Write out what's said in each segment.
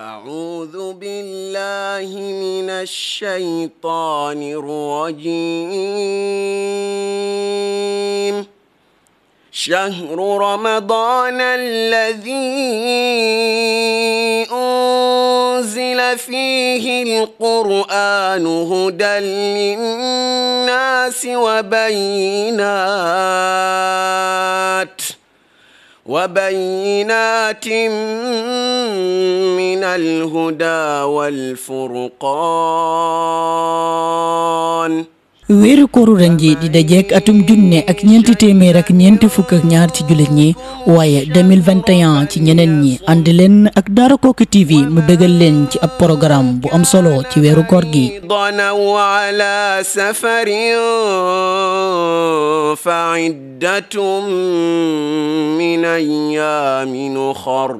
أعوذ بالله من الشيطان الرجيم شهر رمضان الذي أنزل فيه القرآن هدى للناس وبينات وبينات من الهدى والفرقان weeru kooru ren ji di dajeek atum junne ak ñeenti téeméer ak ñeenti fukk ak ñaar ci jullit ñi waaye 2021 ci ñeneen ñi andi leen ak Daara Koki TV mu bégal leen ci ab programme bu am solo ci weeru koor gi danaw ala safarin fa iddatum min ayaamin uxar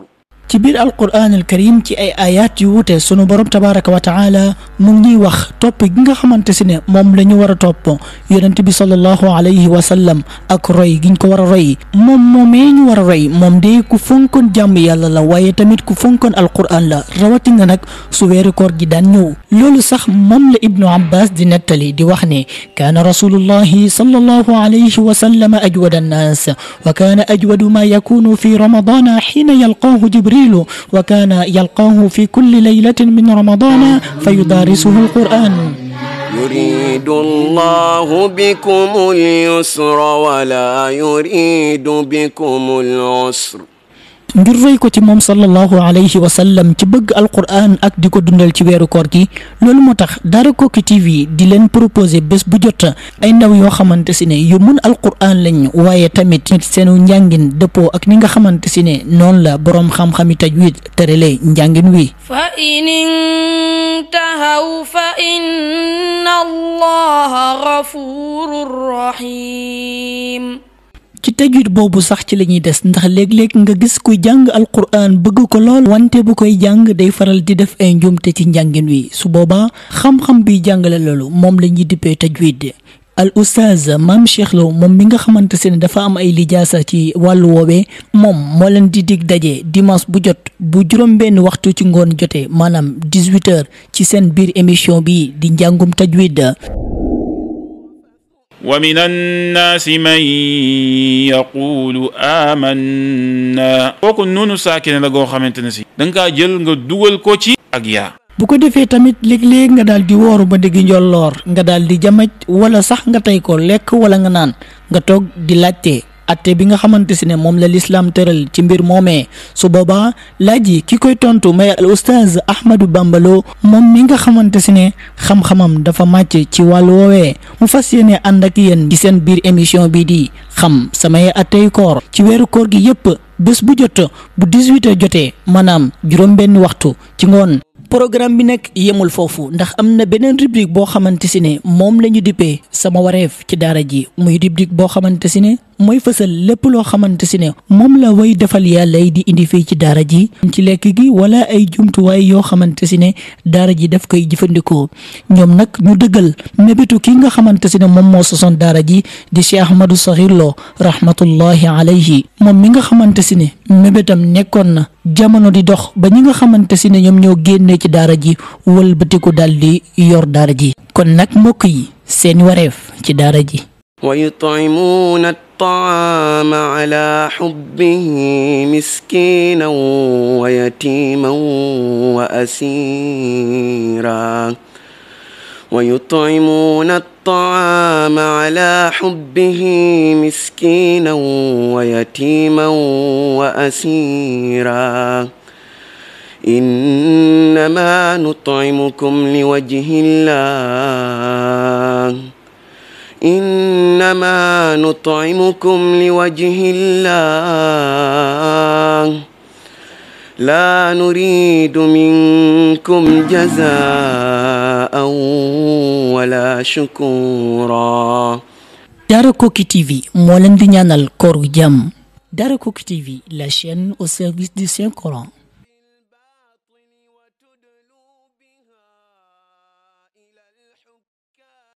ci biir alquran al karim ci ay ayat yu wuute sunu borom tabaraka wa taala mu ngi ñuy wax topp gi nga xamante si ne moom la ñu war a topp yonent bi sallallahu alayhi wa sallam ak roy giñ ko war a roy moom moomee ñu war a roy moom de ku fonkoon jàmm yàlla la waaye tamit ku fonkoon alquran la rawatina nag su weeru koor gi daan ñëw loolu sax moom la ibnu abbas di nettali di wax ne kaana rasulullahi sallallahu alayhi wa sallam ajwada annaas wa kaana ajwadu ma yakunu fi ramadana xiina yalqaahu jibril جبريل وكان يلقاه في كل ليلة من رمضان فيدارسه القرآن يريد الله بكم اليسر ولا يريد بكم العسر ngir roy ko ci moom sallallahu alayhi wa sallam ci bëgg alquran ak di ko dundal ci weeru koor gi loolu moo tax Daara Koki TV di leen proposé bés bu jot ay ndaw yoo xamante si ne yu mun alquran lañ waaye tamit seenu njàngin dëppoo ak ni nga xamante si ne noonu la boroom xam-xami tajwid tëralee njàngin wi fa in intahaw fa inna allaha ghafurur rahim ci tajwid boobu sax ci la ñuy des ndax léeg léegi nga gis kuy jàng alquran bëgg ko lool wante bu koy jàng day faral di def ay njuumte ci njàngin wi su boobaa xam-xam biy jàngale loolu moom la ñuy dippee tajwid al oustaz maam Cheikh Lo moom mi nga xamante ne dafa am ay lijaasa ci wàllu woowee moom moo leen di dig daje dimanche bu jot bu juróom-benn waxtu ci ngoon jotee maanaam 18h ci seen biir émission bi di njàngum tajwid ومن الناس من يقول آمنا kooku noonu saakine la goo xamante ne si danga kaa jël nga dugal ko ci ak yaa bu ko defee tamit léeg-léeg nga daal di wooru ba digg njolloor nga daal di jamaj wala sax nga tey ko lekk wala nga naan nga toog di laajte atte bi nga xamante si ne moom la lislaam tëral ci mbir moomee su boobaa laaj yi ki koy tontu may al oustaz Ahmadou Bamba moom mi nga xamante si ne xam-xamam dafa màcc ci wàllu woowee mu fas yéene ànd ak yéen ci seen biir émission bi di xam samay attey koor ci weeru koor gi yépp bés bu jot bu 18h jotee maanaam juróom-benn waxtu ci ngoon programme bi nag yemul foofu ndax am na beneen rubrique boo xamante si ne moom la ñu dippee sama wareef ci daara ji muy rubrique boo xamante si ne mooy fësal lépp loo xamante si ne moom la way defal yàlla yi di indi fii ci daara ji ci lekk gi wala ay jumtuwaay yoo xamante si ne daara ji daf koy jëfandikoo ñoom nag ñu dëggal mébétu ki nga xamante si ne moom moo sosoon daara ji di Cheikh Ahmadou Sakhir Lo rahmatullahi alayhi moom mi nga xamante si ne mébétam nekkoon na jamono di dox ba ñi nga xamante si ne ñoom ñoo génnee ci daara ji wëlbatiku daal di yor daara ji kon nag mbokk yi seen wareef ci daara ji الطعام على حبه مسكينا ويتيما واسيرا ويطعمون الطعام على حبه مسكينا ويتيما واسيرا انما نطعمكم لوجه الله إنما نطعمكم لوجه الله لا نريد منكم جزاء ولا شكورا Daara Koki TV moo leen di ñaanal kooru jàmm Daara Koki TV la chaîne au service du Saint Coran